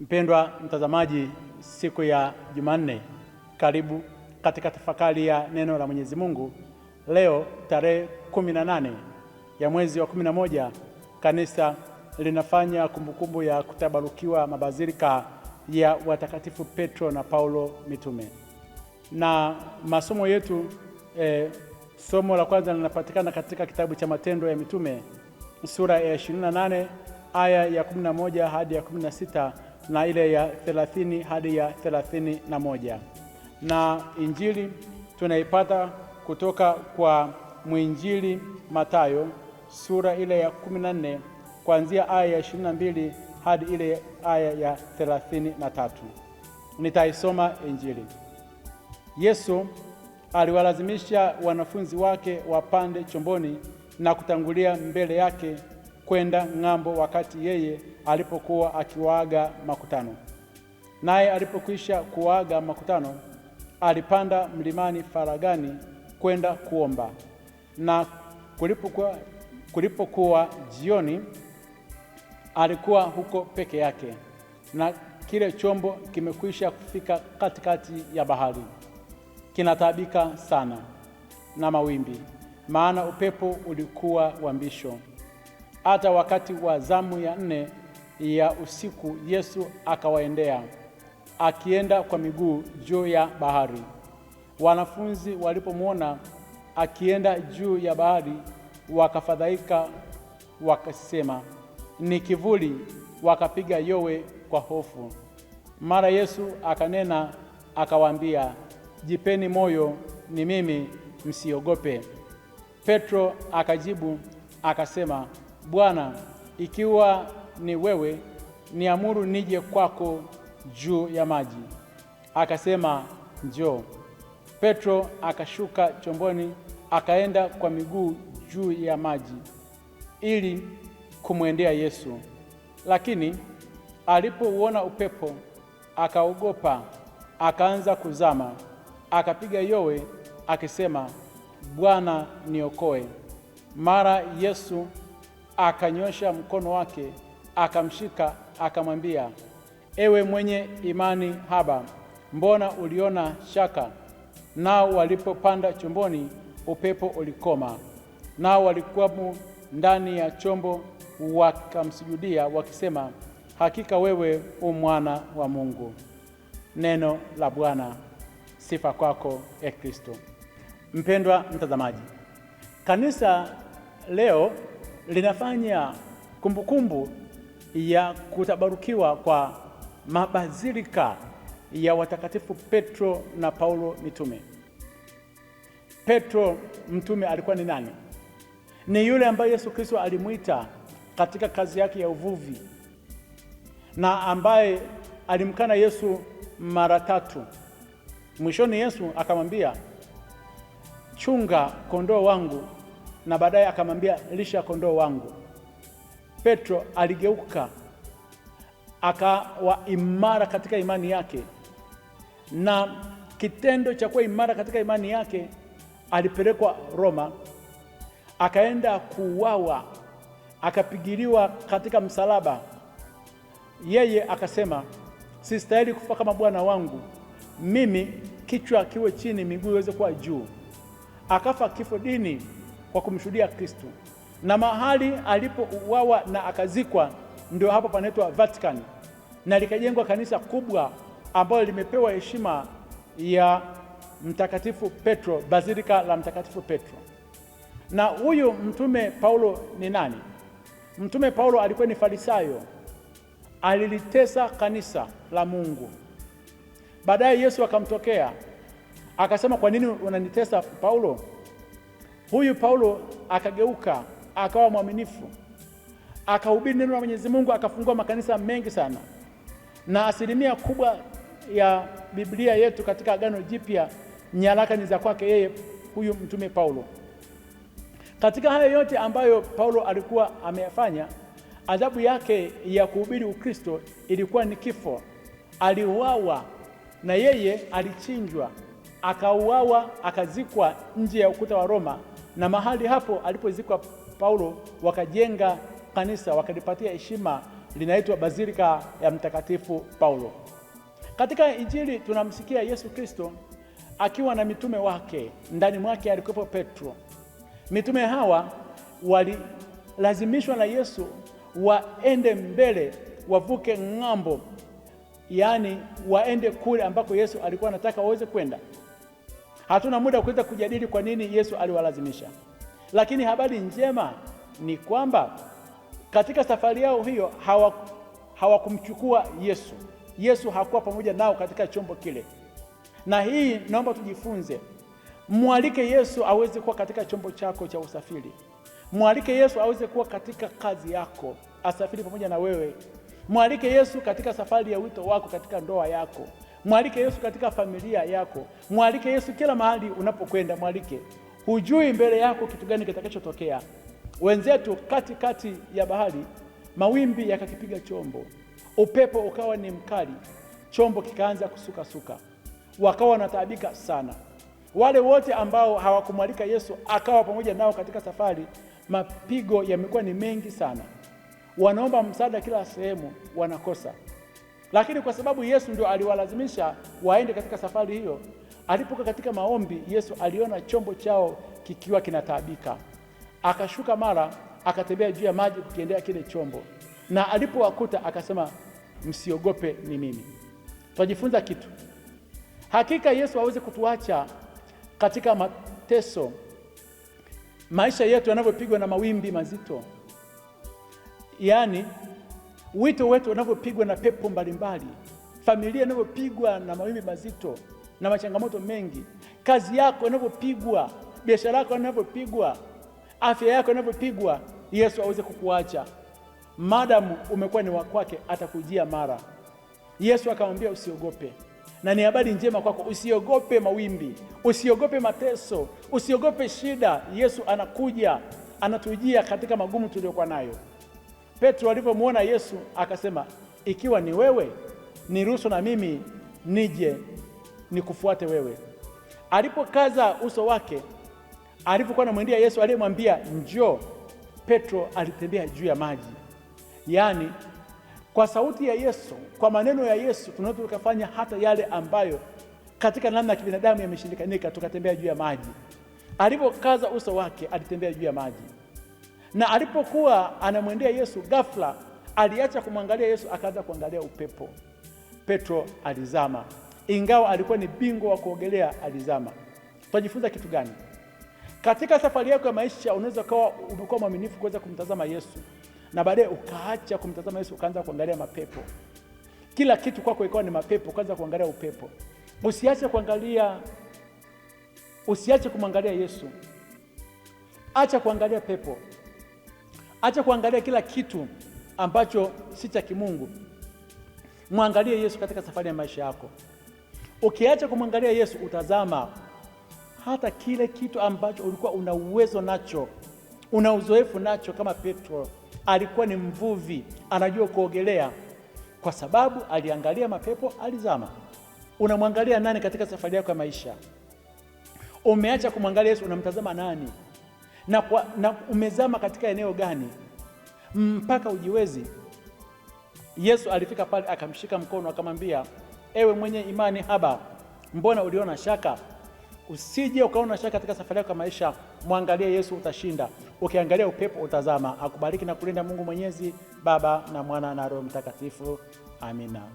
Mpendwa mtazamaji, siku ya Jumanne, karibu katika tafakari ya neno la Mwenyezi Mungu. Leo tarehe nane ya mwezi wa moja kanisa linafanya kumbukumbu ya kutabarukiwa mabazilika ya watakatifu Petro na Paulo mitume. Na masomo yetu e, somo la kwanza linapatikana katika kitabu cha Matendo ya Mitume sura ya 28 aya ya 11 hadi ya 16 na ile ya 30 hadi ya 31, na injili tunaipata kutoka kwa mwinjili Matayo sura ile ya 14 kuanzia aya ya 22 hadi ile aya ya 33. Nitaisoma injili. Yesu aliwalazimisha wanafunzi wake wapande chomboni na kutangulia mbele yake kwenda ng'ambo, wakati yeye alipokuwa akiwaaga makutano. Naye alipokwisha kuwaaga makutano, alipanda mlimani faragani kwenda kuomba. Na kulipokuwa, kulipokuwa jioni, alikuwa huko peke yake, na kile chombo kimekwisha kufika katikati ya bahari, kinataabika sana na mawimbi, maana upepo ulikuwa wa mbisho. Hata wakati wa zamu ya nne ya usiku Yesu akawaendea akienda kwa miguu juu ya bahari. Wanafunzi walipomwona akienda juu ya bahari, wakafadhaika, wakasema ni kivuli, wakapiga yowe kwa hofu. Mara Yesu akanena akawaambia, jipeni moyo, ni mimi, msiogope. Petro akajibu akasema Bwana, ikiwa ni wewe, niamuru nije kwako juu ya maji. Akasema, njoo. Petro akashuka chomboni akaenda kwa miguu juu ya maji ili kumwendea Yesu, lakini alipouona upepo akaogopa, akaanza kuzama, akapiga yowe akisema, Bwana niokoe. Mara Yesu akanyosha mkono wake akamshika, akamwambia, ewe mwenye imani haba, mbona uliona shaka? Nao walipopanda chomboni, upepo ulikoma, nao walikuwamo ndani ya chombo, wakamsujudia wakisema, hakika wewe u mwana wa Mungu. Neno la Bwana. Sifa kwako e Kristo. Mpendwa mtazamaji, kanisa leo linafanya kumbukumbu ya kutabarukiwa kwa mabazilika ya watakatifu Petro na Paulo mitume. Petro mtume alikuwa ni nani? Ni yule ambaye Yesu Kristo alimwita katika kazi yake ya uvuvi na ambaye alimkana Yesu mara tatu. Mwishoni Yesu akamwambia, chunga kondoo wangu na baadaye akamwambia lisha kondoo wangu. Petro aligeuka akawa imara katika imani yake, na kitendo cha kuwa imara katika imani yake, alipelekwa Roma, akaenda kuuawa, akapigiliwa katika msalaba. Yeye akasema sistahili kufa kama Bwana wangu, mimi kichwa kiwe chini, miguu iweze kuwa juu. Akafa kifo dini kwa kumshuhudia Kristu, na mahali alipouawa na akazikwa ndio hapo panaitwa Vatikani, na likajengwa kanisa kubwa ambalo limepewa heshima ya Mtakatifu Petro, bazilika la Mtakatifu Petro. Na huyu mtume Paulo ni nani? Mtume Paulo alikuwa ni Farisayo, alilitesa kanisa la Mungu. Baadaye Yesu akamtokea akasema, kwa nini unanitesa Paulo? Huyu Paulo akageuka akawa mwaminifu, akahubiri neno la Mwenyezi Mungu, akafungua makanisa mengi sana, na asilimia kubwa ya Biblia yetu katika Agano Jipya nyaraka ni za kwake yeye huyu mtume Paulo. Katika hayo yote ambayo Paulo alikuwa ameyafanya, adhabu yake ya kuhubiri Ukristo ilikuwa ni kifo. Aliuawa na yeye alichinjwa, akauawa, akazikwa nje ya ukuta wa Roma na mahali hapo alipozikwa Paulo wakajenga kanisa, wakalipatia heshima, linaitwa Bazilika ya Mtakatifu Paulo. Katika Injili tunamsikia Yesu Kristo akiwa na mitume wake, ndani mwake alikuwepo Petro. Mitume hawa walilazimishwa na Yesu waende mbele, wavuke ng'ambo, yaani waende kule ambako Yesu alikuwa anataka waweze kwenda. Hatuna muda wa kuweza kujadili kwa nini Yesu aliwalazimisha, lakini habari njema ni kwamba katika safari yao hiyo hawakumchukua hawa Yesu. Yesu hakuwa pamoja nao katika chombo kile, na hii naomba tujifunze. Mwalike Yesu aweze kuwa katika chombo chako cha usafiri. Mwalike Yesu aweze kuwa katika kazi yako, asafiri pamoja na wewe. Mwalike Yesu katika safari ya wito wako, katika ndoa yako. Mwalike Yesu katika familia yako, mwalike Yesu kila mahali unapokwenda, mwalike. Hujui mbele yako kitu gani kitakachotokea. Wenzetu katikati ya bahari, mawimbi yakakipiga chombo, upepo ukawa ni mkali, chombo kikaanza kusukasuka, wakawa wanataabika sana. Wale wote ambao hawakumwalika Yesu akawa pamoja nao katika safari, mapigo yamekuwa ni mengi sana. Wanaomba msaada kila sehemu, wanakosa. Lakini kwa sababu Yesu ndio aliwalazimisha waende katika safari hiyo, alipokuwa katika maombi, Yesu aliona chombo chao kikiwa kinataabika, akashuka mara akatembea juu ya maji kukiendea kile chombo, na alipowakuta akasema, msiogope, ni mimi. Twajifunza kitu hakika, Yesu hawezi kutuacha katika mateso, maisha yetu yanavyopigwa na mawimbi mazito, yaani wito wetu unavyopigwa na pepo mbalimbali, familia inavyopigwa na mawimbi mazito na machangamoto mengi, kazi yako inavyopigwa, biashara yako inavyopigwa, afya yako inavyopigwa, Yesu aweze kukuacha madamu umekuwa ni wa kwake, atakujia mara. Yesu akamwambia usiogope, na ni habari njema kwako, usiogope mawimbi, usiogope mateso, usiogope shida. Yesu anakuja anatujia katika magumu tuliyokuwa nayo. Petro alipomwona Yesu akasema, ikiwa ni wewe, niruhusu na mimi nije nikufuate wewe. Alipokaza uso wake, alipokuwa anamwendea Yesu aliyemwambia njoo, Petro alitembea juu ya maji. Yaani, kwa sauti ya Yesu, kwa maneno ya Yesu, tunaweza tukafanya hata yale ambayo katika namna ya kibinadamu yameshindikanika, tukatembea juu ya maji. Alipokaza uso wake, alitembea juu ya maji na alipokuwa anamwendea Yesu, ghafla aliacha kumwangalia Yesu, akaanza kuangalia upepo. Petro alizama, ingawa alikuwa ni bingwa wa kuogelea, alizama. Tunajifunza kitu gani katika safari yako ya maisha? Unaweza ukawa umekuwa mwaminifu kuweza kumtazama Yesu na baadaye ukaacha kumtazama Yesu, ukaanza kuangalia mapepo. Kila kitu kwako ikawa ni mapepo, ukaanza kuangalia upepo. Usiache kuangalia, usiache kumwangalia Yesu, acha kuangalia pepo. Acha kuangalia kila kitu ambacho si cha kimungu, mwangalie Yesu katika safari ya maisha yako. Ukiacha kumwangalia Yesu, utazama hata kile kitu ambacho ulikuwa una uwezo nacho, una uzoefu nacho. Kama Petro alikuwa ni mvuvi, anajua kuogelea, kwa sababu aliangalia mapepo, alizama. Unamwangalia nani katika safari yako ya maisha? Umeacha kumwangalia Yesu, unamtazama nani? na, kwa, na umezama katika eneo gani mpaka ujiwezi. Yesu alifika pale akamshika mkono akamwambia, ewe mwenye imani haba, mbona uliona shaka? Usije ukaona shaka katika safari yako ya maisha. Mwangalie Yesu, utashinda. Ukiangalia upepo utazama. Akubariki na kulinda Mungu Mwenyezi, Baba na Mwana na Roho Mtakatifu. Amina.